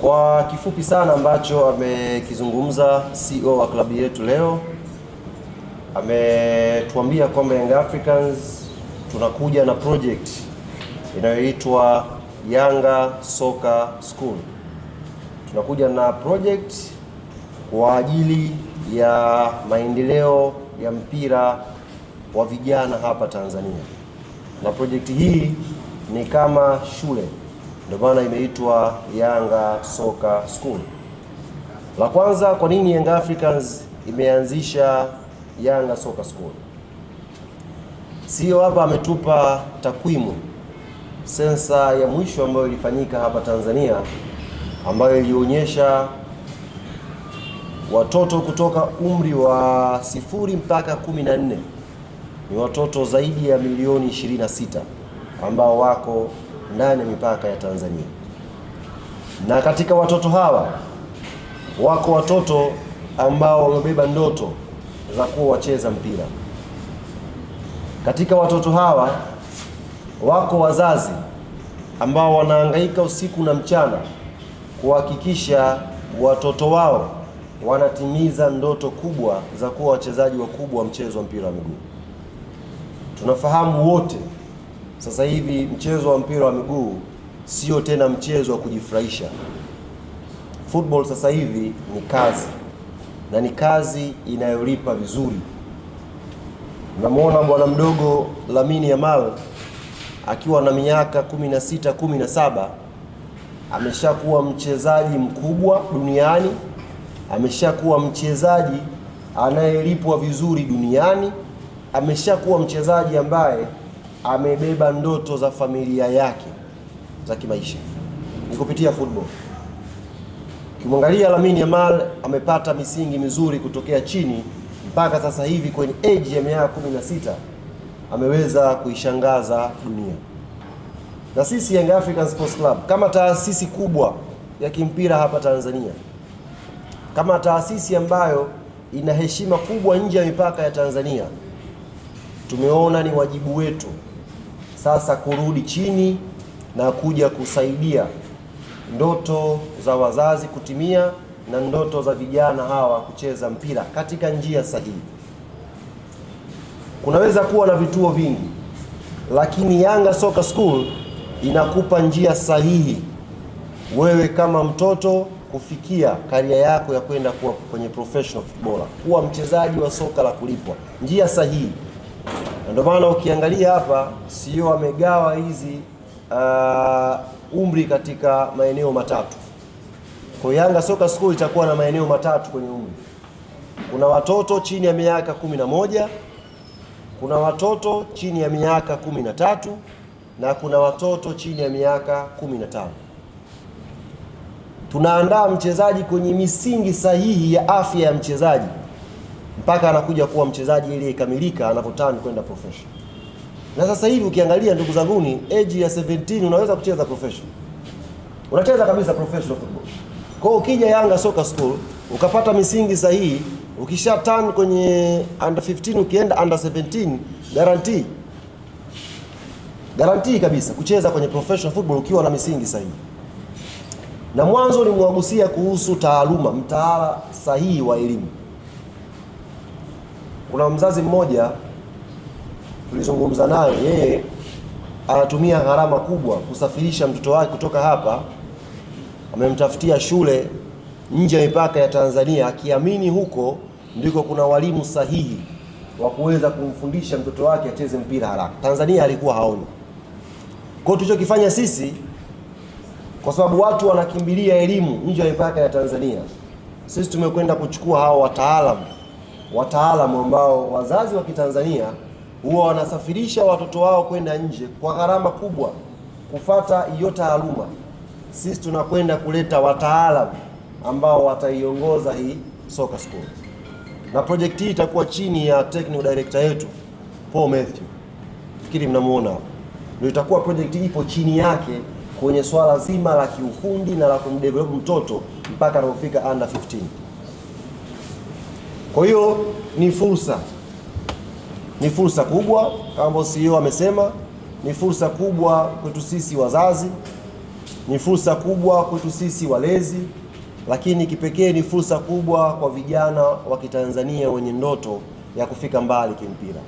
Kwa kifupi sana ambacho amekizungumza CEO wa klabu yetu leo, ametuambia kwamba Young Africans tunakuja na project inayoitwa Yanga Soccer School. Tunakuja na project kwa ajili ya maendeleo ya mpira wa vijana hapa Tanzania, na project hii ni kama shule ndio maana imeitwa Yanga Soka School. La kwanza, kwa nini Young Africans imeanzisha Yanga Soka School? Sio hapa, ametupa takwimu sensa ya mwisho ambayo ilifanyika hapa Tanzania ambayo ilionyesha watoto kutoka umri wa sifuri mpaka 14 ni watoto zaidi ya milioni 26 ambao wako ndani ya mipaka ya Tanzania. Na katika watoto hawa wako watoto ambao wamebeba ndoto za kuwa wacheza mpira. Katika watoto hawa wako wazazi ambao wanaangaika usiku na mchana kuhakikisha watoto wao wanatimiza ndoto kubwa za kuwa wachezaji wakubwa wa mchezo wa mpira wa miguu. Tunafahamu wote sasa hivi mchezo wa mpira wa miguu sio tena mchezo wa kujifurahisha. Football sasa hivi ni kazi na ni kazi inayolipa vizuri. Unamwona bwana mdogo Lamine Yamal akiwa na miaka 16, 17 ameshakuwa mchezaji mkubwa duniani, ameshakuwa mchezaji anayelipwa vizuri duniani, ameshakuwa mchezaji ambaye amebeba ndoto za familia yake za kimaisha ni kupitia football. Ukimwangalia Lamine Yamal amepata misingi mizuri kutokea chini mpaka sasa hivi kwenye age ya miaka 16 ameweza kuishangaza dunia. Na sisi Young African Sports Club kama taasisi kubwa ya kimpira hapa Tanzania, kama taasisi ambayo ina heshima kubwa nje ya mipaka ya Tanzania, tumeona ni wajibu wetu sasa kurudi chini na kuja kusaidia ndoto za wazazi kutimia na ndoto za vijana hawa kucheza mpira katika njia sahihi. Kunaweza kuwa na vituo vingi, lakini Yanga Soccer School inakupa njia sahihi wewe kama mtoto kufikia karia yako ya kwenda kuwa kwenye professional footballer, kuwa mchezaji wa soka la kulipwa, njia sahihi na ndio maana ukiangalia hapa sio e amegawa hizi uh, umri katika maeneo matatu. Kwa Yanga Soka School itakuwa na maeneo matatu kwenye umri. Kuna watoto chini ya miaka kumi na moja, kuna watoto chini ya miaka kumi na tatu na kuna watoto chini ya miaka kumi na tano. Tunaandaa mchezaji kwenye misingi sahihi ya afya ya mchezaji mpaka anakuja kuwa mchezaji ili ikamilika anapoturn kwenda profession. Na sasa hivi ukiangalia, ndugu zanguni, age ya 17 unaweza kucheza profession, unacheza kabisa professional football. Kwa hiyo ukija Yanga Soccer School ukapata misingi sahihi, ukisha turn kwenye under 15 ukienda under 17, guarantee guarantee kabisa kucheza kwenye professional football ukiwa na misingi sahihi. Na mwanzo nimewagusia kuhusu taaluma, mtaala sahihi wa elimu kuna mzazi mmoja tulizungumza naye, yeye anatumia gharama kubwa kusafirisha mtoto wake kutoka hapa, amemtafutia shule nje ya mipaka ya Tanzania, akiamini huko ndiko kuna walimu sahihi wa kuweza kumfundisha mtoto wake acheze mpira haraka. Tanzania alikuwa haoni. Kwa hiyo tulichokifanya sisi, kwa sababu watu wanakimbilia elimu nje ya mipaka ya Tanzania, sisi tumekwenda kuchukua hao wataalamu wataalamu ambao wazazi wa Kitanzania huwa wanasafirisha watoto wao kwenda nje kwa gharama kubwa kufata hiyo taaluma. Sisi tunakwenda kuleta wataalamu ambao wataiongoza hii soka school, na projekti hii itakuwa chini ya technical director yetu Paul Matthew, fikiri mnamuona hapo, ndio itakuwa projekti ipo chini yake kwenye swala zima la kiufundi na la kumdevelop mtoto mpaka anapofika under 15. Kwa hiyo ni fursa, ni fursa kubwa kama CEO amesema, ni fursa kubwa kwetu sisi wazazi, ni fursa kubwa kwetu sisi walezi, lakini kipekee ni fursa kubwa kwa vijana wa Kitanzania wenye ndoto ya kufika mbali kimpira.